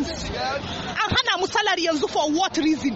an hana mu salari yanzu for what reason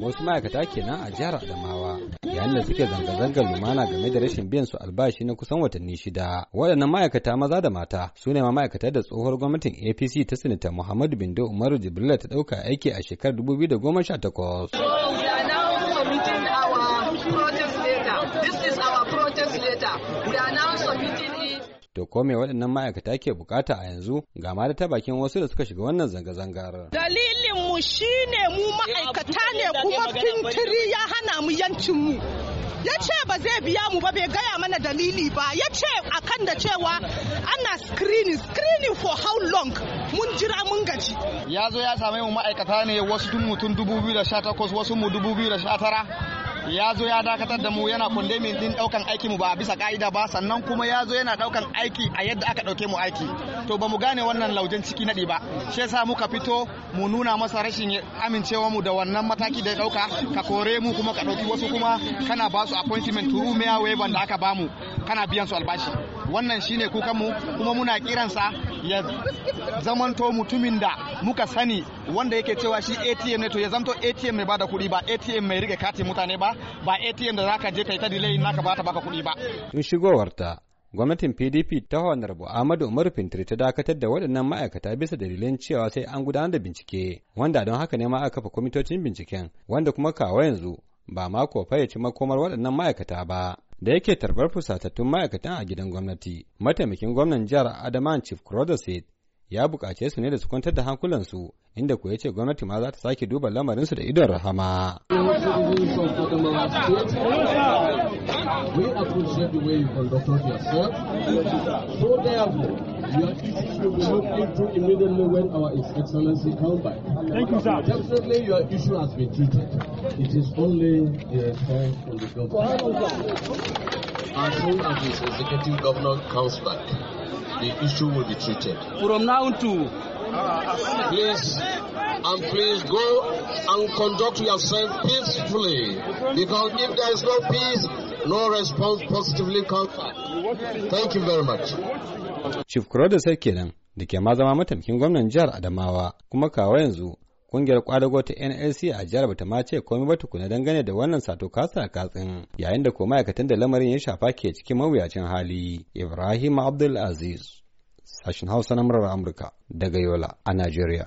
wasu ma'aikata kenan a jihar adamawa yayin da suke zanga-zangar lumana game da rashin biyan su albashi na kusan watanni shida waɗannan ma'aikata maza da mata su ne ma'aikata da tsohuwar gwamnatin apc ta sinita muhammadu bindo umaru jibrila ta ɗauka aiki a shekarar 2018 To ko me waɗannan ma'aikata ke bukata a yanzu ga ma da ta bakin wasu da suka shiga wannan zanga-zangar. Dalilin mu shine mu ma'aikata ne kuma fintiri ya hana mu yancin mu. ya ce ba zai biya mu ba bai gaya mana dalili ba ya ce a kan da cewa ana screening screening for how long mun jira mun gaji ya zo ya same mu ma'aikata ne wasu tun mutum 2018 wasu mu 2019 ya zo ya dakatar da mu yana kundemin din daukan aiki mu ba bisa ka'ida ba sannan kuma ya zo yana daukan aiki a yadda aka dauke mu aiki to ba mu gane wannan laujen ciki naɗi ba shi yasa muka fito mu nuna masa rashin amincewa mu da wannan mataki da ya dauka ka kore mu kuma ka dauki wasu kuma kana ba su appointment to mayor waiver da aka bamu kana biyan su albashi wannan shine kukanmu kuma muna kiransa ya zamanto mutumin da muka sani wanda yake cewa shi atm ne to ya zamto atm mai bada kuɗi ba atm mai rike katin mutane ba ba atm da zaka je kai ta delay naka ka bata baka kuɗi ba in shigowarta gwamnatin pdp ta bu Amadu umaru fintiri ta dakatar da waɗannan ma'aikata bisa dalilin cewa sai an gudanar da bincike wanda don haka ne ma aka kafa kwamitocin binciken wanda kuma kawo yanzu ba mako fayyace makomar waɗannan ma'aikata ba da yake tarbar fusatattun ma'aikatan a gidan gwamnati mataimakin gwamnan jihar adaman chief crozet ya buƙace su ne da su kwantar da hankulansu inda ko ya ce gwamnati ma za ta sake duba lamarinsu da idon rahama. will shape the way you conduct yourself. So therefore, your issues will be looked into immediately when our Excellency comes back. Thank you, sir. Definitely, your issue has been treated. It is only the response from the government. As soon as his executive governor comes back, the issue will be treated. From now to please and please go and conduct yourself peacefully because if there is no peace no response positively Thank you very much. Chief Kuroda kenan da ke ma zama mataimakin gwamnan jihar Adamawa kuma kawo yanzu kungiyar kwadago ta NLC a jihar bata ma ce komai ba tukuna dangane da wannan sato kasa katsin yayin da ko ma'aikatan da lamarin ya shafa ke cikin mawuyacin hali Ibrahim Abdul Aziz sashin Hausa na murar Amurka daga Yola a Najeriya